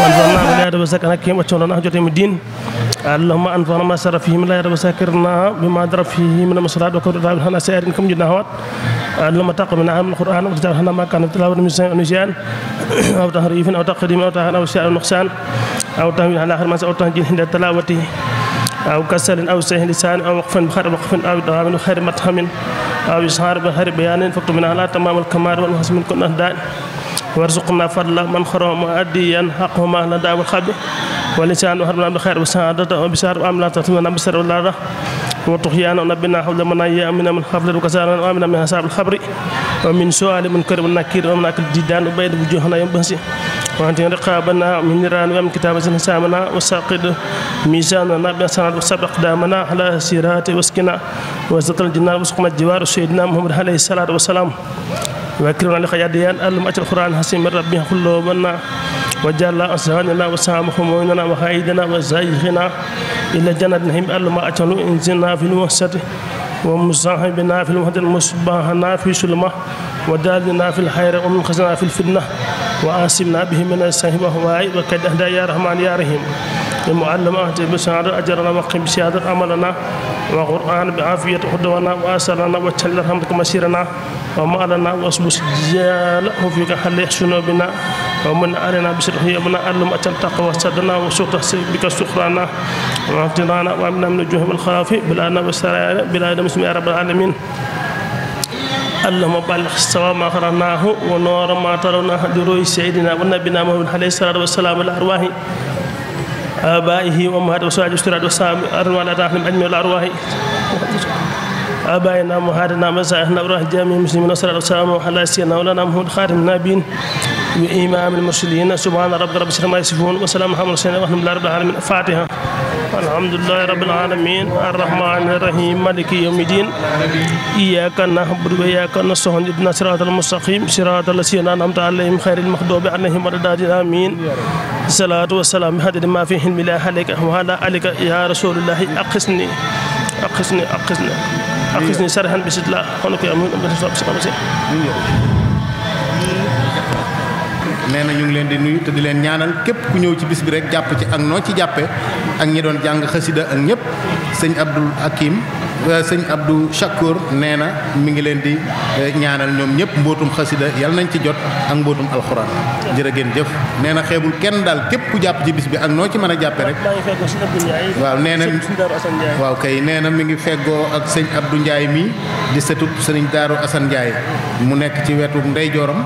وانفعنا بما يا رب سكنك كما تشونا جوتيم الدين اللهم انفعنا ما سر فيه من لا رب سكرنا بما در فيه من مسرات وكرد هنا سائر كم جنا هوات اللهم تقم من عام القران وتجعلنا ما كان تلاوه من سيئ نسيان او تحريف او تقديم او تهان او شيء نقصان او تهويل على اخر ما او تهجيل عند تلاوته او كسل او سهل لسان او وقف خير وقف او دعاء خير متهم aw ishaar ba xari bayaanin faktu min ala tamaamal kamaar wal maxas min kon an daan warzuqna fadla man xaroma addiyan xaquma la daawal xabi wal insaan wa xarbana bi xeer wa saadata wa bisaar wa amlata tumana bisar wa laada wa tuxyaana nabina xawla man aya amina min xaflat wa kasaana wa amina min asaabil xabri wa min suali mun kër wa nakir wa min akil didaan wa bayd bu joxna yom basi وأنتن رقابنا من نيران ومن كتاب حسامنا وساقد ميزاننا بأسناد وسبق أقدامنا على سيرات وسكنا wa zatal jinaan wasukmat jiwaaru seydina muhammad alayhi salaatu wasalaam wa kiroona li xajaat yaan allum accal quraan hasimin rabbi xulloo man na wa jàlla ansaanina wa saamaxumoynana wa illa jannat nahim alluma accalu insina fil muhsati wa musahibina fil muhsati fi sulma wa daalina fil xayra wa لمعلم أهدي بسعادة أجرنا وقم بسعادة أملنا وقرآن بعافية خدونا وأسرنا وجل رحمتك مسيرنا ومالنا وأصبس جاله فيك حل سنوبنا ومن علينا بسرحه يبنا ألم أتل تقوى سدنا وسوق بك سخرنا وعفتنا وأمنا من جهة الخلاف بلانا وسرايا بلانا بسم يا رب العالمين اللهم بلغ سوى ما قرأناه ونور ما ترونه دروي سيدنا ونبينا محمد عليه الصلاة والسلام الأرواح آبائه وأمهاته وسراج أسراد وسام أرواحنا تاخنا أجمع الأرواح آبائنا ومهاتنا مزاحنا وراح جميع المسلمين وسراج وسام وحلا سيدنا ولنا محمد خاتم النبيين وإمام المرسلين سبحان ربك رب العزة عما يصفون وسلام على المرسلين والحمد لله رب العالمين الفاتحة alhamdulillahi rabbil alamin arrahmanir rahim maliki yawmiddin iyyaka na'budu wa iyyaka nasta'in ihdina siratal mustaqim siratal ladzina an'amta alaihim ghayril maghdubi alaihim waladdallin amin salatu wassalamu hadid ma fi hilmi la halika wa ala alika ya rasulullahi aqisni aqisni aqisni aqisni sarhan bisidla hono ko amin nee na ñu ngi leen di nuy te di leen ñaanal képp ku ñëw ci bis bi rek jàpp ci ak noo ci jàppe ak ñi doon jàng xasida ak ñëpp sëñ Abdul Hakim Euh, sëñ Abdou Chakour nee na mi ngi leen di euh, ñaanal ñoom ñëpp mbootum xasida yal nañ ci jot ak mbootum alxuraan jërë ngeen jëf nee na xeebul kenn daal képp ku jàpp ci bis bi ak noo ci mën a jàppe rek waaw nee na waaw kay nee na mi ngi feggoo ak sëñ Abdou Ndiaye mii di sëtub sëriñ Daaru Assane Ndiaye mu nekk ci wetu ndeyjooram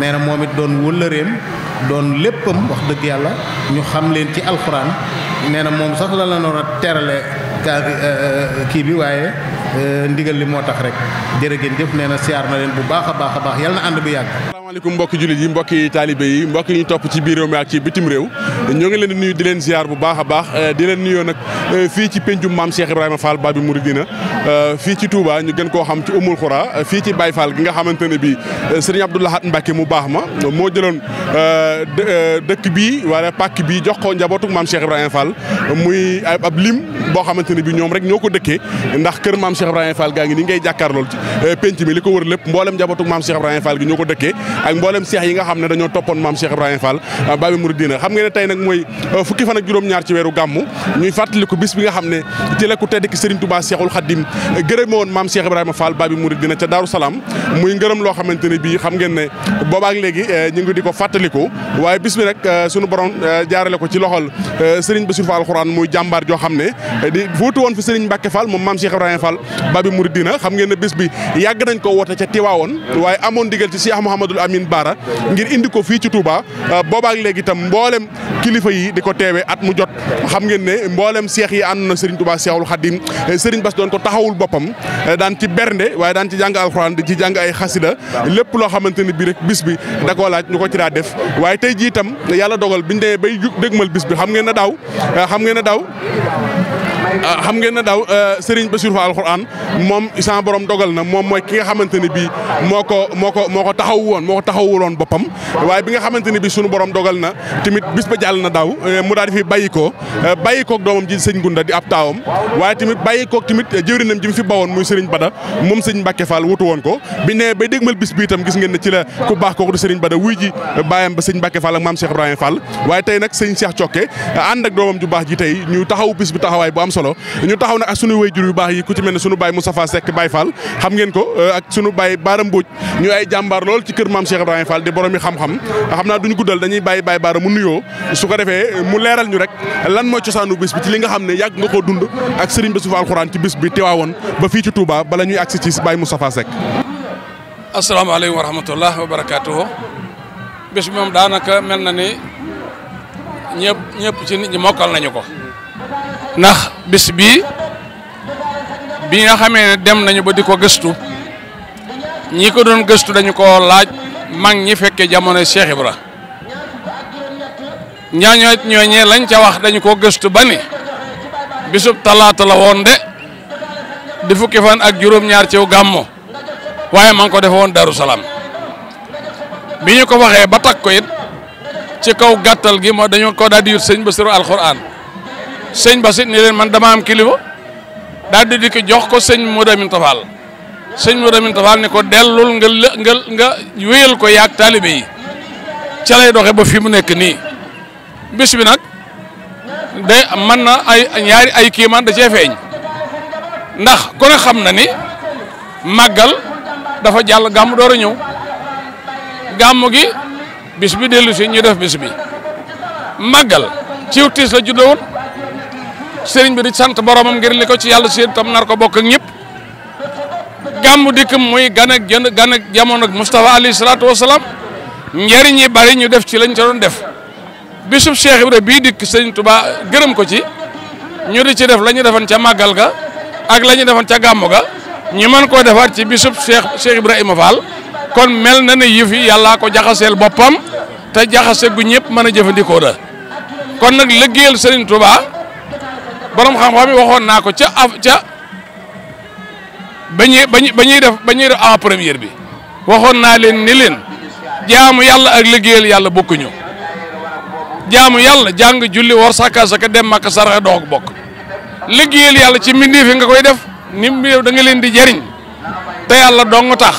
nee na moom it doon wëllëreem doon léppam wax dëgg yàlla ñu xam leen ci alxuraan nee na moom sax la la noor a terale gaa euh, euh, kii bi waaye euh, ndigal li moo tax rek jër ngeen jëf nee na siyaar na leen bu baax a baax a baax yal na ànd bi yàgg. asalaamaaleykum mbokki jullit yi mbokki taalibe yi mbokki ñu topp ci biir réew mi ak ci bitim réew ñoo ngi leen di nuyu di leen ziar bu baax a baax euh, di leen nuyoo nag euh, fii ci pencum maam Cheikh Ibrahima Fall Babi Mouridina euh, fii ci Touba ñu gën koo xam ci Oumoul Khoura fii ci Baye Fall gi nga xamante ne bii sëriñ Abdou Lahad Mbacké mu baax ma moo jëloon dëkk bii wala pàkk bii jox ko njabootu maam Cheikh Ibrahima Fall muy ab lim boo xamante ne ñoo ko dëkkee ndax kër maam Cheikh Ibrahima Fall gaa ngi ni ngay jàkkaarlool li ko wër lépp mboolem njabootu maam Cheikh Ibrahima Fall gi ko dëkkee ak mboolem yi nga xam ne dañoo toppoon maam Cheikh Ibrahima Fall Babi xam nga tey nag mooy euh, fukki fan ak juróom-ñaar ci weeru gàmmu ñuy fàttaliku bis bi nga xam ne ci la ku tedd ki Serigne Touba Cheikhul Khadim euh, gërëme woon maam Cheikh Ibrahima Fall Babi Mouride dina ca Daaru Salaam muy ngërëm loo xamante ne bii xam ngeen ne boobaak léegi euh, ñu ngi di ko fàttaliku waaye bis bi nag sunu borom jaarale ko ci loxol Serigne Bassirou Fall Alxuraan muy jàmbaar joo xam ne di fóotu woon fi Serigne Mbacke Fall moom maam Cheikh Ibrahima Fall Babi Mouride dina xam ngeen ne bis bi yàgg nañ ko woote ca Tiwaawoon waaye amoon digal ci Cheikh Mouhamadul Amin Bara ngir indi ko fii ci Touba boobaak léegi itam kilifa yi di ko teewe at mu jot xam ngeen ne mboolem seex yi ànd na Serigne Touba Seexul Xadim Serigne Bass doon ko taxawul boppam daan ci bernde waaye daan ci jàng alxuraan di ci jàng ay xasida lépp loo xamante ni bi rek bis bi da koo laaj ñu ko ci daa def waaye tey jii itam yàlla dogal biñ demee bay dëgmal bis bi xam ngeen ne daaw xam ngeen ne daaw xam ngeen ne daaw Serigne Bassirou Fall alxuraan moom sa borom dogal na moom mooy ki nga xamante ne bii moo ko moo ko moo ko woon moo ko taxawu boppam waaye bi nga xamante ne sunu borom dogal na bis ba jàll yàlla na daw eh, mu daal di fi bàyyi ko eh, bàyyi koog doomam ji sëñ Gunda di ab taawam waaye tamit bàyyi koog tamit eh, jëwrinam ji mu fi bawoon muy sëriñ Bada moom sëñ Mbàkke Fall wutu woon ko biñ ne bay dégmal bis bi itam gis ngeen ci la ku baax kooku di sëriñ Bada wuy ji bàyyam ba sëñ Mbàkke Fall ak maam Cheikh Ibrahima Fall waaye tey nag sëñ Cheikh Cokke ànd ak doomam ju baax ji tey ñu taxaw bis bi taxawaay bu am solo ñu taxaw nag ak sunu wayjur yu baax yi ku ci mel su ko defee mu leeral ñu rek lan mooy cosaanu bis bi ci li nga xam ne yàgg nga koo dund ak sëriñ bi sufa alxuraan ci bis bi ba fii ci Touba bala ñuy agsi ci Baye Moustapha Seck. asalaamaaleykum wa rahmatullah wa barakaatuhu bis bi moom daanaka mel na ni ñëpp ñëpp ci nit ñi mokkal nañu ko. ndax bis bi bi nga xamee ne dem nañu ba di ko gëstu ñi ko doon gëstu dañu ko laaj mag ñi fekkee jamono Cheikh Ibra ñaañoo ñooñee lañ ca wax dañu ko gëstu ba ni bisub talaata la woon de di fukki fan ak juróom-ñaar ciw gàmmo waaye ma ngi ko defe woon Daaru bi ñu ko waxee ba takk ko ci kaw gàttal gi moo dañu ko daal yut sëñ Basiru alxuraan sëñ Basit ni leen man dama am kilifa daal di dikk jox ko sëñ Modamin Tafal sëñ Modamin Tafal ni ko dellul nga nga nga wéyal ko yaag taalibe yi ca lay doxee ba fi mu nekk nii bis bi nag de mën na ay ñaari ay kiimaan da cee feeñ ndax ku xam na ni màggal dafa jàll gàmm door a ñëw gàmm gi bis bi dellu si ñu def bis bi màggal ci tiis la juddoo woon sëriñ bi di sant boromam ngir li ko ci yàlla séen tam nar ko bokk ak ñëpp gàmmu dikkam muy gan ak jënd gan ak jamono ak Moustapha alayhi salaatu ñu def ci lañ ca doon def bisub Cheikh Ibra bii dikk sëñ Touba gërëm ko ci ñu di ci def la ñu defoon ca màggal ga ak la ñu defoon ca gàmmu ga ñu mën koo defaat ci bisub Cheikh Cheikh Ibrahima Fall kon mel na ne yëf yi yàllaa ko jaxaseel boppam te jaxase gu ñëpp mën a jëfandikoo da kon nag liggéeyal sëriñ Touba borom xam-xam yi waxoon naa ko ca af ca ba ñuy ba ñuy def ba ñuy première bi waxoon naa leen ni leen jaamu yàlla ak liggéeyal yàlla bokkuñu. jaamu yàlla jàng julli war sàkka saka dem màkk saraxe doog bokk liggéeyal yàlla ci mbindeef yi nga koy def ni mu yow da nga leen di jariñ te yàlla dong tax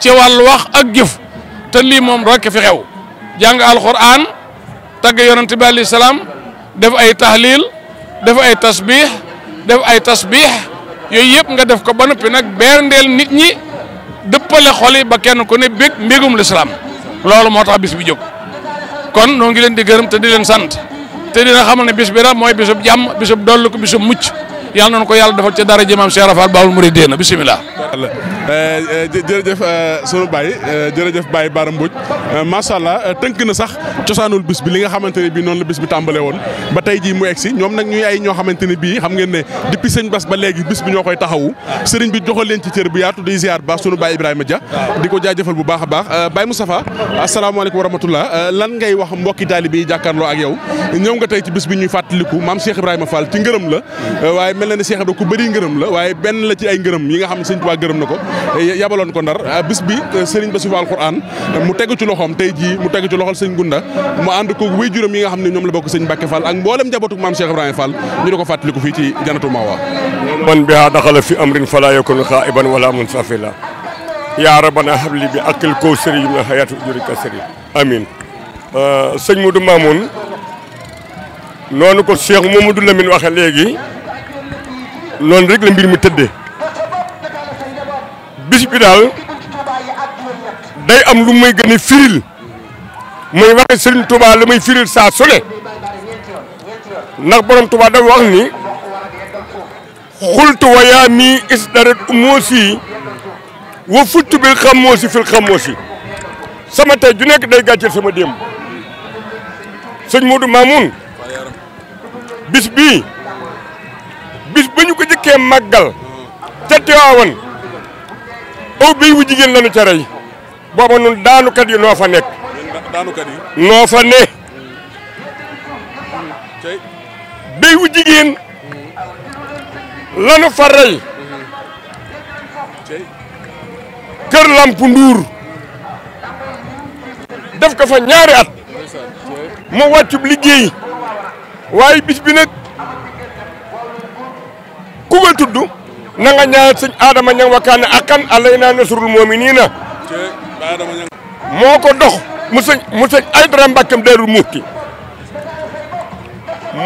ci wàllu wax ak jëf te lii moom rekk fi xew jàng alxuraan tagg yonent bi alayhi salaam def ay tahlil def ay tasbiix def ay tasbiix yooyu yëpp nga def ko ba noppi nag berndeel nit ñi dëppale xol yi ba kenn ku ne bég mbégum lislaam loolu moo tax bis bi jóg kon noo ngi leen di gërëm te di leen sant te dina xamal ne bis bi ra mooy bisub jàmm bisub dollu ko bisub mucc yàlla noonu ko yàlla defal ca dara jëmaam Cheikh Rafal Baawul Muridiina bisimilah Eh, eh, jërëjëf eh, sunu Baye jërëjëf Baye Bara Mbodj macha allah tënk na sax cosaanul bis bi li nga xamante ne bii noonu la bis bi tàmbalee woon ba tey jii mu egg si ñoom nag ñuy ay ñoo xamante ne bii xam ngeen ne depuis sëñ Bass ba léegi bis bi ñoo koy taxawu sëriñ bi joxal leen ci cër bu yaatu di ziar baax sunu Baye Ibrahima Dia di ko jaajëfal bu baax a baax Baye Moustapha asalaamaaleykum wa rahmatullah lan ngay wax mbokki taalibe yi jàkkaarloo ak yow ñëw nga tey ci bis bi ñuy fàttaliku maam Cheikh Ibrahima Fall ci ngërëm la waaye mel na ne Cheikh bëri ngërëm la waaye benn la ci ay ngërëm yi nga xam ne sëñ gërëm na ko Eh, yabaloon ko ndar ah, bis bi eh, Serigne Bassirou Alxuraan eh, mu tegu ci loxoom tey jii mu tegu ci loxol sëñ Gunda mu ànd ko wéy juróom yi nga xam ne ñoom la bokk sëñ Mbacke Fall ak mboolem njabootu maam Cheikh Ibrahima Fall ñu di ko fàttaliku fii ci janatu Mawa man biha daxala fi amrin fala yakun xaa'iban wala munsafila yaa rabana habli bi akil kawsari yu na hayatu ujurika sari amin sëñ Modou Mamoun noonu ko Cheikh Mamadou Lamine waxe léegi noonu rek la mbir bis day am lu may gën a firil muy waxe Serigne Touba la may firil saa su ne ndax borom Touba wax ni xultu wa yaa mi isdarat umoosi wa futtu bil xamoosi fil xamoosi sama tey ju nekk day gàcceel sama démb sëñ Modou Mamoun bis bii bis ba ñu ko jëkkee màggal ca Tiwaawan aw béy jigéen lañu ca rey booba nun daanukat yi noo fa nekk daanukat jigéen lanu fa rey kër lamp nduur def ko fa ñaari at mu wàccub liggéey waaye bis ku nga tudd na nga ñaanal sëñ Adama Niang wakkaane akkan alay naa nasrul mu'minina moo ko dox mu sëñ mu sëñ Aydara Mbàkkam Daaru Muxti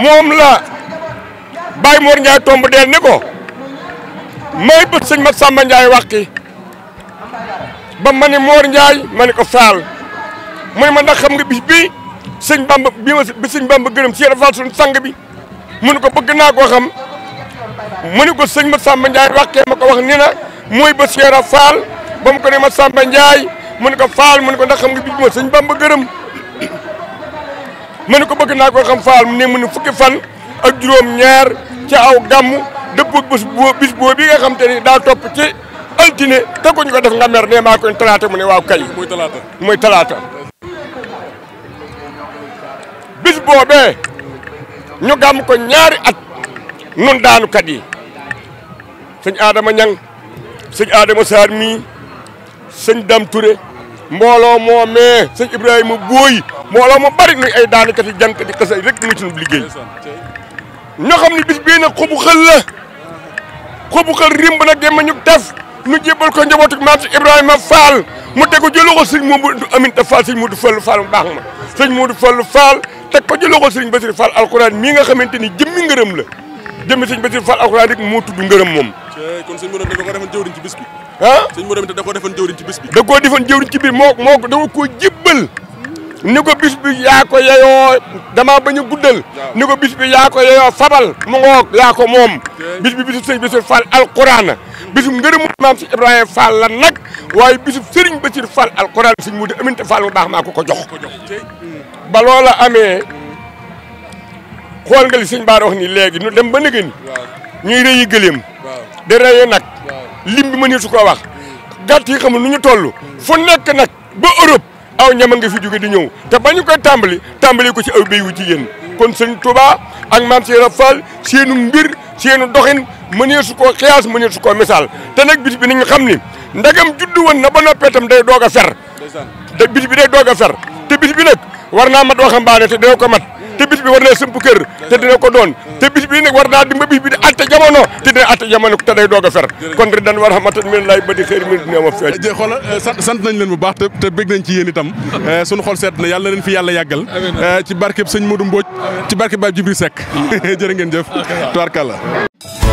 moom la Baye Mor Ndiaye tomb deel ni ko may bët sëñ Massamba Ndiaye wàqi ba ma ne Mor Ndiaye ma ne ko Faal mooy ma ndax xam nga bis bii sëñ Bamba bi bi gërëm si yéen Faal suñu sang bi mu ne ko bëgg naa xam mu ni ko sëñ ma Samba Ndiaye waxkee ma ko wax ni mooy ba seera faal ba mu ko ne ma Samba Ndiaye mu ne ko faal mu ne ko ndax xam nga bi ma sëñ Bamba gërëm mu ko bëgg naa ko xam faal mu ne mu ne fukki fan ak juróom ñaar ci aw gàmm dëppoo bés boo bis boo bi xam te ni daa topp ci altine te ko ñu ko def nga mer ne maa koy talaata mu ne waaw kay muy talaata muy talaata bis boobee ñu gàmm ko ñaari at nun daanukat yi sëñ Adama Ñang sëñ Adama Sarr mii sëñ Dam mbooloo moo mee sëñ Ibrahima Booy mbooloo mu bari nuy ay daanakati jànkati kese rek ñu ngi suñu liggéey ñoo xam ni bis bii nag xobu xël la xobu xël rimb na gémma ñu def nu jébbal ko njabootu maam si Ibrahima Fall mu teg ko jëloo ko sëñ Moodu Aminta Fall sëñ Moodu Fall Fall mu baax ma sëñ Moodu Fall Fall teg ko jëloo ko sëñ Basir Fall alxuraan mii nga xamante ni jëmmi ngërëm la jëmmi sëñ Bassirou Fall alxuraan rek moo tudd ngërëm moom da ko defoon jëwriñ ci bis bi ah sëñ Modou da ko defoon jëwriñ ci bis bi ko bis bi yaa ko yeyoo damaa bañ a guddal ni ko bis bi yaa ko yeyoo fabal mu ngoog ko moom bis bi bisu sëñ Bassirou Fall alxuraan bisu ngërëmu maam si Ibrahima Fall la nag waaye bisu Serigne Bassirou Fall alxuraan sëñ Modou Aminta Fall mu baax maa ko ko jox ba loola amee xool nga li sëñ Bara wax ni léegi nu dem ba nëgë ni ñuy rëyi gëléem de reye nag lim bi mëneesu koo wax hmm. gàtt yi xamul nu ñu toll hmm. fu nekk nag boo Europe aw ñama nga fi jóge di ñëw te ba ñu koy tàmbali tàmbali ko ci aw béy wu jigéen hmm. kon sëñ Touba ak maam Cheikh Fall seenu mbir seenu doxin mëneesu koo xiyaas mëneesu koo misaal te nag bis bi nañu xam ni ndagam juddu woon na ba noppee itam day doog a fer te bis bi day doog a fer te bis bi nag war naa mat waxambaane te doo ko mat bi war naa sëmp kër te dina ko doon te bis bii nag war naa dimba bis bi di atte jamono te dina atte jamono te day doog a fer kon rek dan war xamatan men laay badi xëyri min dina ma feej xoolal eh, sant nañ leen bu baax te bég nañ ci yéen itam eh, suñu xol seet na yàlla leen fi yàlla yàggal eh, ci barkeb sëñ Modou Mbodj ci barkeb Baye Djibril Seck jërë ngeen jëf tubaarkàlla